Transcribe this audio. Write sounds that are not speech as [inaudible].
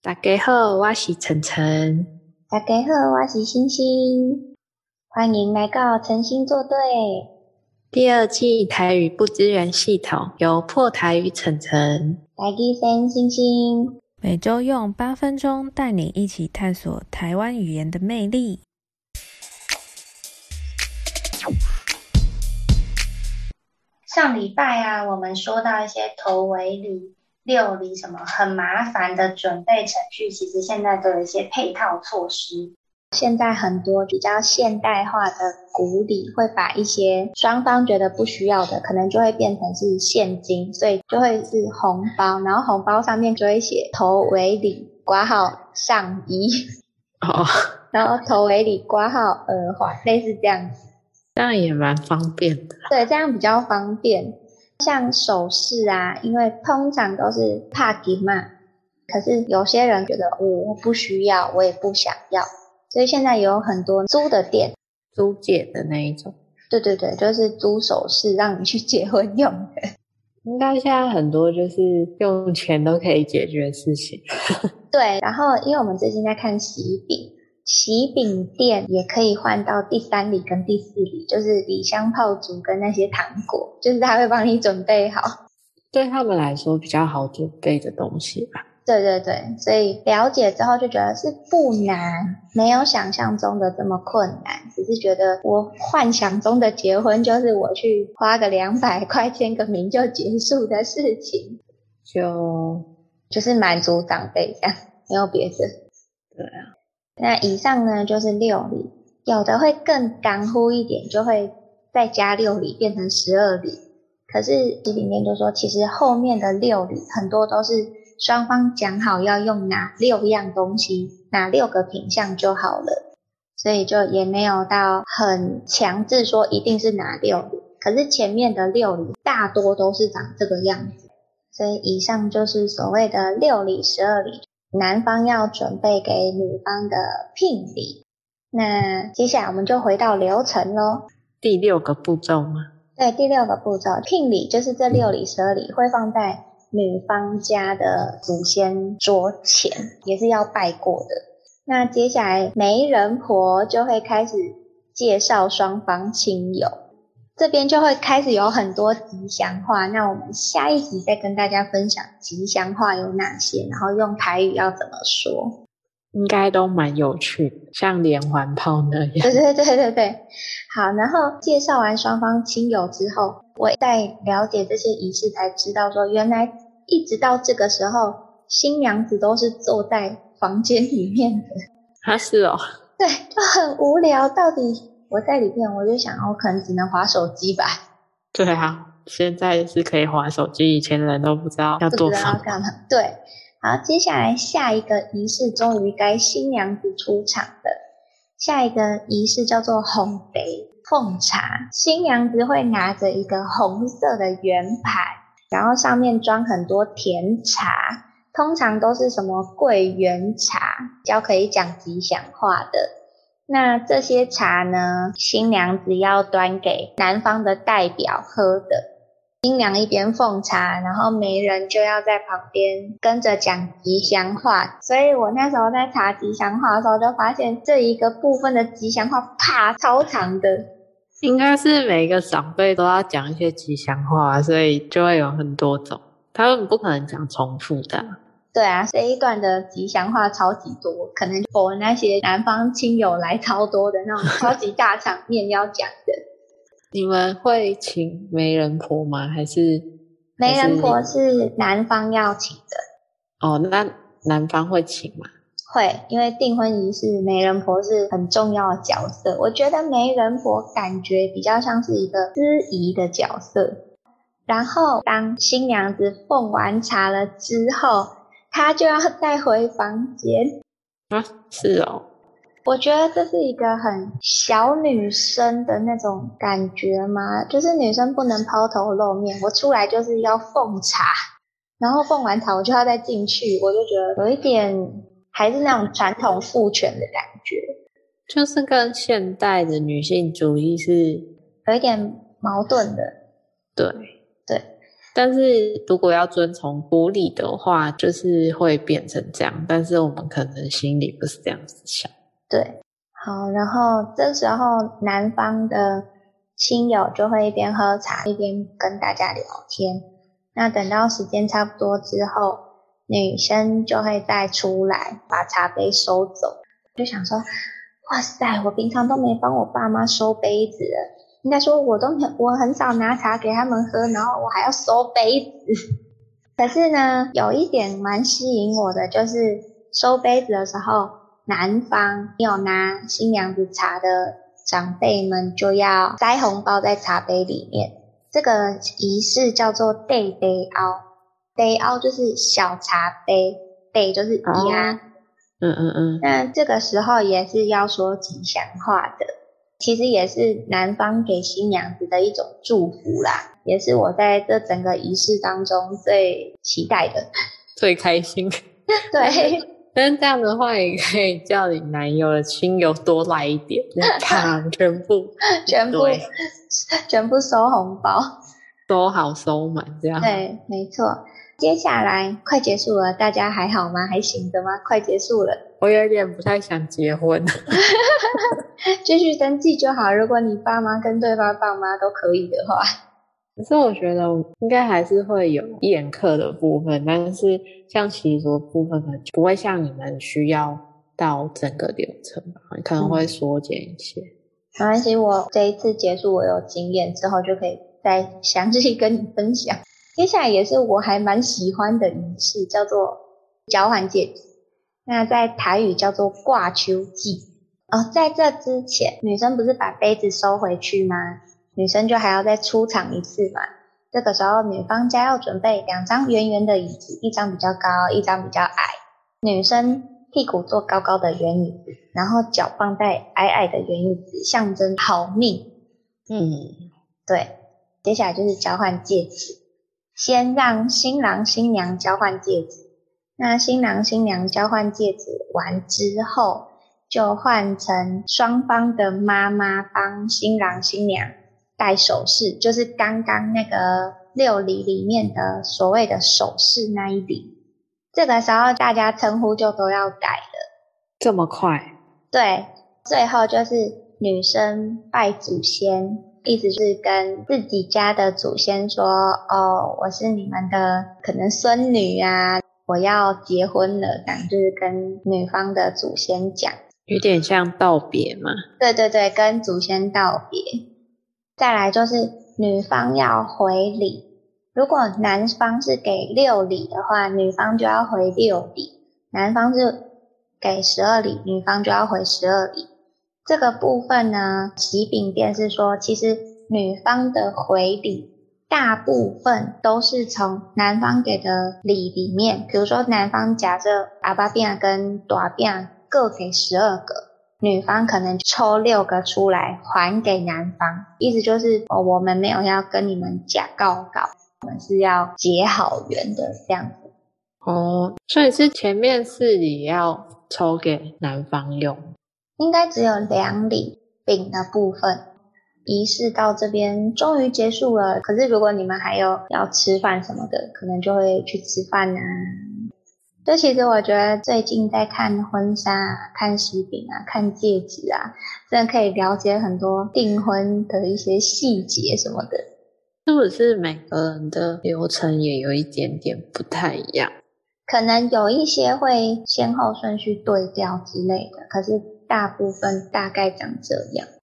大家好，我是岑岑。大家好，我是芯芯。歡迎來到岑芯作對第二季台語不支援系統，由破台語岑岑、來語生芯芯每周用八分鐘帶你一起探索台灣語言的魅力。上禮拜啊，我們說到一些頭尾禮。六禮什麼很麻煩的準備程序，其實現在都有一些配套措施。現在很多比較現代化的古禮，會把一些雙方覺得不需要的，可能就會變成是現金，所以就會是紅包。然後紅包上面就會寫頭尾禮括號上衣哦，然後頭尾禮括號耳環，類似這樣子，這樣也蠻方便的。對，這樣比較方便。像首飾啊，因為通常都是怕給嘛。可是有些人覺得，哦，我不需要，我也不想要。所以現在有很多租的店，租借的那一種。對對對，就是租首飾讓你去結婚用的。應該現在很多就是用錢都可以解決的事情。 [laughs] 對，然後因為我們最近在看喜餅。喜餅店也可以換到第三禮跟第四禮，就是禮香炮竹跟那些糖果，就是他會幫你準備好。對他們來說比較好準備的東西吧。對對對，所以了解之後就覺得是不難，沒有想象中的這麼困難。只是覺得我幻想中的結婚就是我去花個兩百塊簽個名就結束的事情，就就是滿足長輩這樣，沒有別的。對啊。那以上呢，就是六禮，有的會更干乎一點，就會再加六禮變成十二禮。可是這裡面就說，其實後面的六禮很多都是雙方講好要用哪六樣東西，哪六個品相就好了，所以就也沒有到很強制說一定是哪六禮。可是前面的六禮大多都是長這個樣子，所以以上就是所謂的六禮十二禮。男方要準備給女方的聘禮，那接下來我們就回到流程嘍。第六個步驟嗎？對，第六個步驟，聘禮就是這六禮、十二禮，會放在女方家的祖先桌前，也是要拜過的。那接下來媒人婆就會開始介紹雙方親友。這邊就會開始有很多吉祥話，那我們下一集再跟大家分享吉祥話有哪些，然後用台語要怎麼說，應該都蠻有趣，像連環炮那樣。對對對對對，好。然後介紹完雙方親友之後，我再了解這些儀式才知道說，原來一直到這個時候，新娘子都是坐在房間裡面的。啊，是哦。對，就很無聊，到底。我在裡面，我就想，我可能只能滑手機吧。對啊，現在是可以滑手機，以前的人都不知道要多放幹嘛。對，好，接下來下一個儀式，終於該新娘子出場的。下一個儀式叫做紅焙，奉茶，新娘子會拿着一個紅色的圓盤，然後上面裝很多甜茶，通常都是什麼桂圓茶，比較可以講吉祥話的。那這些茶呢？新娘子要端給男方的代表喝的。新娘一邊奉茶，然後媒人就要在旁邊跟着講吉祥話。所以我那時候在查吉祥話的時候，就發現這一個部分的吉祥話，啪，超長的。應該是每一個長輩都要講一些吉祥話，所以就會有很多種，他們不可能講重複的。對啊，這一段的吉祥話超級多，可能我那些男方親友來超多的那種超級大場面要講的。 [laughs] 你們會請媒人婆嗎？還是媒人婆是男方要請的？哦，那男方會請嗎？會，因為訂婚儀式媒人婆是很重要的角色。我覺得媒人婆感覺比較像是一個司儀的角色。然後，當新娘子奉完茶了之後。他就要帶回房間。啊，是哦，我覺得這是一個很小女生的那種感覺嘛，就是女生不能拋頭露面，我出來就是要奉茶，然後奉完茶我就要再進去，我就覺得有一點還是那種傳統父權的感覺，就是跟現代的女性主義是有一點矛盾的，對對。對但是如果要遵從古禮的話，就是會變成這樣。但是我們可能心裡不是這樣子想。對，好，然後這時候男方的親友就會一邊喝茶一邊跟大家聊天。那等到時間差不多之後，女生就會再出來把茶杯收走。就想說，哇塞，我平常都沒幫我爸媽收杯子。應該說我都很我很少拿茶給他們喝，然後我還要收杯子。可是呢，有一點蠻吸引我的，就是收杯子的時候，男方有拿新娘子茶的長輩們就要塞紅包在茶杯裡面。這個儀式叫做“ day day out，day out 就是小茶杯，“ day 就是一啊、oh, 嗯嗯嗯。那這個時候也是要說吉祥話的。其實也是男方給新娘子的一種祝福啦，也是我在這整個儀式當中最期待的、最開心。 [laughs] 對，但，是但是但是，但是這樣的話也可以叫你男友的親友多來一點，全部、 [laughs] 全部、對全部收紅包，收好收滿這樣。對，沒錯。接下來快結束了，大家還好嗎？還行的嗎？快結束了，我有點不太想結婚，哈哈哈繼續登記就好。如果你爸媽跟對方爸媽都可以的話，可是我覺得應該還是會有宴客的部分，但是像習俗的部分呢，不會像你們需要到整個流程吧？可能會縮減一些。嗯、沒關係，我這一次結束我有經驗之後，就可以再詳細跟你分享。接下來也是我還蠻喜歡的儀式，叫做交換戒指。那在台語叫做掛秋季啊、哦，在這之前，女生不是把杯子收回去嗎？女生就還要再出場一次嘛。這個時候，女方家要準備兩張圓圓的椅子，一張比較高，一張比較矮。女生屁股坐高高的圓椅子，然後腳放在矮矮的圓椅子，象徵好命。嗯，對。接下來就是交換戒指。先讓新郎新娘交換戒指，那新郎新娘交換戒指完之後，就換成雙方的媽媽幫新郎新娘戴首飾，就是剛剛那個六禮裡面的所謂的首飾那一禮。這個時候大家稱呼就都要改了。這麼快？對，最後就是女生拜祖先。意思是跟自己家的祖先說：“哦，我是你們的可能孫女啊，我要結婚了。”剛就是跟女方的祖先講，有點像道別嘛。對對對，跟祖先道別。再來就是女方要回禮，如果男方是給六禮的話，女方就要回六禮；男方是給十二禮，女方就要回十二禮。這個部分呢，喜餅店是說，其實女方的回禮大部分都是從男方給的禮裡面，比如說男方夾着阿婆餅跟大餅各給十二個，女方可能抽六個出來還給男方，意思就是、哦、我們沒有要跟你們假告告，我們是要結好緣的這樣子。哦，所以是前面是你要抽給男方用。應該只有兩禮餅的部分，儀式到這邊終於結束了。可是如果你們還有要吃飯什麼的，可能就會去吃飯呢、啊。就其實我覺得最近在看婚紗、啊、看喜餅啊、看戒指啊，真的可以了解很多訂婚的一些細節什麼的。是不是每個人的流程也有一點點不太一樣？可能有一些會先後順序對調之類的，可是。大部分大概長這樣。